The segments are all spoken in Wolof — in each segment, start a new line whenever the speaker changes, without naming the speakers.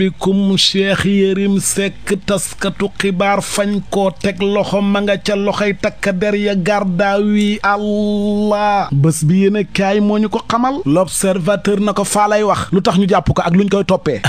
bikum Cheikh Yérim Seck taskatu xibaar fañ koo teg loxo ma nga ca loxoy takka der ya gardaawi allah bés bi yéen a kaay moo ñu ko xamal l'observateur na ko faa lay wax lu tax ñu jàpp ko ak luñ koy toppee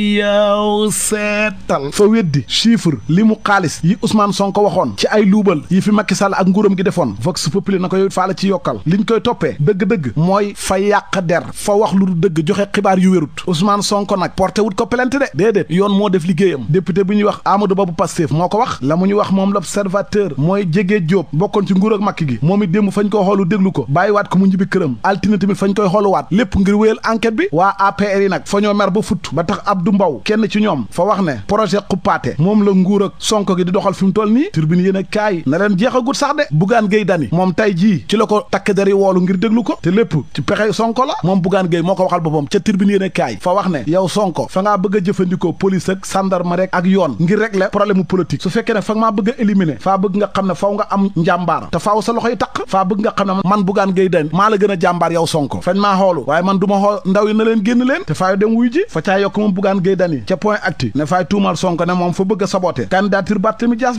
yow seetal fa weddi chiffre li mu xaalis yi Ousmane Sonko waxoon ci ay luubal yi fi Macky Sall ak nguroom gi defoon Vox Populi na ko yow faa la ci yokkal liñ koy toppee dëgg-dëgg mooy fa yàq der fa wax lu du dëgg joxe xibaar yu wérut Ousmane Sonko nag nag porté wut ko plainte de déedéet yoon moo def liggéeyam député bu ñuy wax Amadou Ba bu Pastef moo ko wax la mu ñu wax moom l'observateur mooy jege Diop bokkoon ci nguur ak Macky gi moom it démb fañ koy xoolu déglu ko bàyyiwaat ko mu ñibbi këram altine tamit fañ koy waat lépp ngir wéyal enquête bi waa APR yi nag fa ñoo mer ba fut ba tax Abdou Mbow kenn ci ñoom fa wax ne projet xuppaate moom la nguur ak Sonko gi di doxal fi mu toll nii turbine yéen a kaay na leen jeexagut sax de Bougane Gueye moom tey jii ci la ko takk dari woolu ngir déglu ko te lépp pexe Sonko la moom Bougane Gueye moo ko waxal boppam ca turbine yéen a kaay fa wax ne yow Sonko fa ngaa bëgg a jëfandikoo police ak ak yoon ngir régler problème mu politique su fekkee ne fa maa bëgg a éliminer bëgg nga xam ne faw nga am njàmbaar te faaw sa loxoy taq faa bëgg nga xam ne man Bougane Gueye maa la gën a jàmbaar Sonko fañ maa xoolu waaye man du ma xool ndaw na leen génn leen te faayo dem wuy ji fa caa yokk moom Bougane Gueye Dany ca point acti ne faay tuumal Sonko ne moom fa bëgg a saboter candidature Barthélémy Dias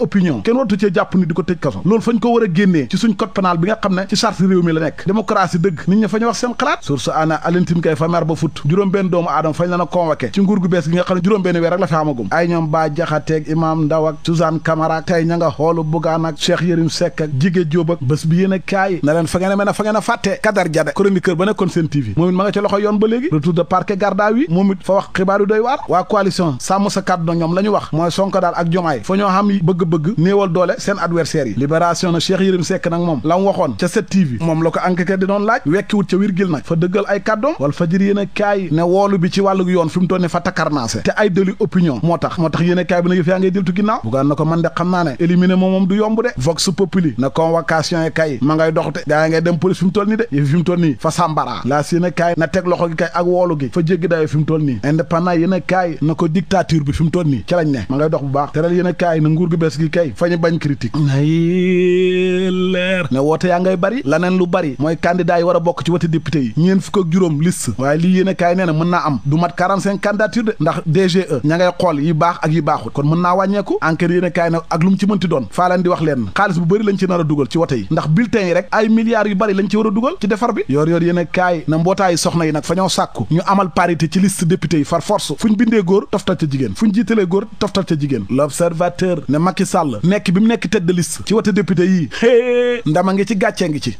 a opinion kenn wartu cee jàpp ni di ko tëj kaso loolu fañ ko war a génnee ci suñ code pénal bi nga xam ne ci charte réew mi la nekk démocratie dëgg nit ña fa ñu wax seen xalaat source ana alintin kay fa mer ba fut juróom-benn doomu aadama fañ la na convoqué ci nguur gu bees gi nga xam juróom-benn weer rek la fi amagum ay ñoom baa jaxateeg imam ndaw ak Suzanne Camara tey ña nga xoolu bugaan ak Cheikh Yérim ak Jige Jóob bés bi yéen bëgg néewal doole seen adversaire yi libération na Cheikh Yérim Seck nag moom la waxoon ca 7TV moom la ko enquêteur di doon laaj wekkiwut ca wirgil nag fa dëggal ay kàddoom wal fajir yéen a kaay ne woolu bi ci wàllu yoon fi mu toll fa takarnaase te ay dëli opinion moo tax moo tax yéen a kaay bi na yëf yaa ngay diltu ginnaaw bugaan na ko man de xam naa ne éliminer du yomb de vox populi na a na teg loxo kaay na dox bu baax presse gi kay fa ñu mooy candidat yi war a bokk ci wati député yi ñeen fukk a e ña ngay xool yi baax ak yi baaxut kon mën naa wàññeeku enquête yéen a kaay na ak lu mu ci mënti doon faa leen di wax leen xaalis bu bëri lañ ci nar a dugal ci wote yi ndax bulletin yi rek ay milliards yu bari lañ ci war a dugal ci defar bi yoor yoor yéen kaay na mbootaayi soxna yi nag fa ñoo sàkku ñu amal parité ci liste député yi far force fu ñu bindee góor toftal ca jigéen fu ñu jiitalee góor toftal ca jigéen l'observateur ne Macky Macky Sall nekk bi mu nekk tête de liste ci wote député yii hee ndama ngi ci gàccee ngi ci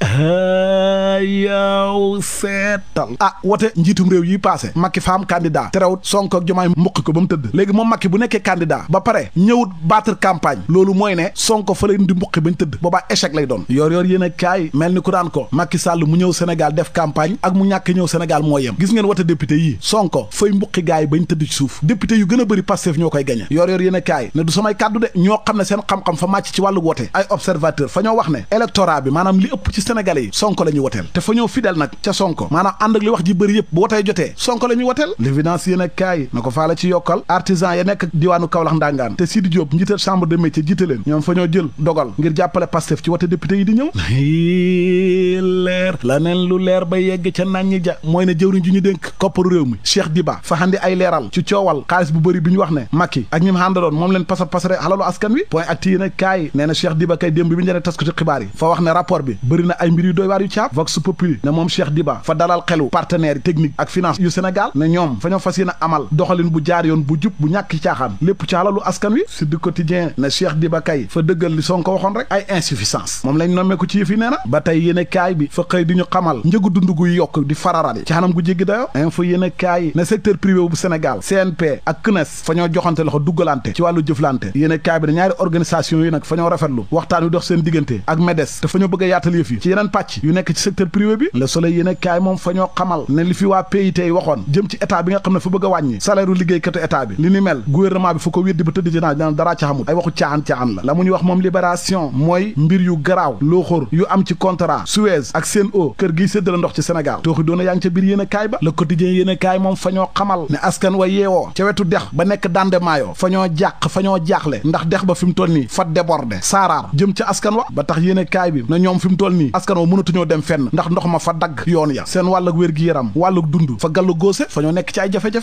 yow seetal ah wote njiitum réew yi paase Macky faam candidat terewut Sonko ak Jomaay mbuqi ko ba mu tëdd léegi moom Macky bu nekkee candidat ba pare ñëwut battre campagne loolu mooy ne Sonko fa leen di mbuqi ñu tëdd boobaa échec lay doon yoor yoor mel ni ku daan ko Macky Sall mu ñëw Sénégal def campagne ak mu ñàkk ñëw Sénégal moo yem gis ngeen wote député yii Sonko fay mbuqi gaay bañ tëdd ci suuf député yu gën a bëri Pastef ñoo koy gañe yoor yoor yéen xam ne seen xam-xam fa màcc ci wàllu la ñuy woteel te fa ca sonko a kaay na ko faa la ci yokkal ñoom fa ñoo jël dogal ngir jàppale pastef ci wote député yi di ñëw leer la neen lu leer ba yegg ca nañ ja mooy ne jëwriñ ju ñu dénk kopparu réew mi Diba fa xandi ay leeral ci coowal xaalis bu bëri bi ñu wax ne Macky ak ñi mu àndaloon moom leen pasar pasare alalu askan wi point acti yéen a kaay nee na Cheikh Diba kay démb bi bi njëriñ taskati xibaar yi fa wax ne rapport bi bëri na ay mbir yu doy waar yu caab vox populi ne moom Cheikh Diba fa dalal xelu partenaire technique ak finance yu Sénégal ne ñoom fa ñoo fas yéen a amal doxalin bu jaar yoon bu jub bu ñàkk caaxaan lépp ci alalu askan wi si du quotidien ne Cheikh Diba kay fa dëggal li Sonko waxoon rek ay insuffisance moom lañ nommee ko ci yëf yi nee na ba tey yéen a kaay bi fa xëy di dund guy yokk di fararali ci xanam gu jéggi dayo info yéen a kaay ne secteur privé bu Sénégal CNP ak CNES fa ñoo joxante loxo ci wàllu jëflante yéen a kaay ñaari yi nag fa rafetlu waxtaan wi dox seen diggante ak MEDES te fa ñoo a yaatal yëf yi ci yeneen pàcc yu nekk ci secteur privé bi le soleil yéen a kaay moom fa ñoo xamal ne li fi waa PIT yi waxoon jëm ci état bi nga xam ne fa bëgg wàññi salaire u liggéeykatu bi li ni mel gouvernement bi fa ko weddi ba tëdd ci naa daan daraa ci xamul ay waxu caaxaan-caaxaan la la mu ñu wax moom libération mooy mbir yu garaaw looxóor yu am ci contrat a kaay le a fi mu toll fa débordé saaraar jëm ci askan wa ba tax yéene kaay bi na ñoom fi mu toll nii askan wa mënatuñoo dem fenn ndax ndox ma fa dagg yoon ya seen wàllug wér-gi-yaram wàllug dund fa gàllu góose fa ñoo nekk ci ay jafe-jafe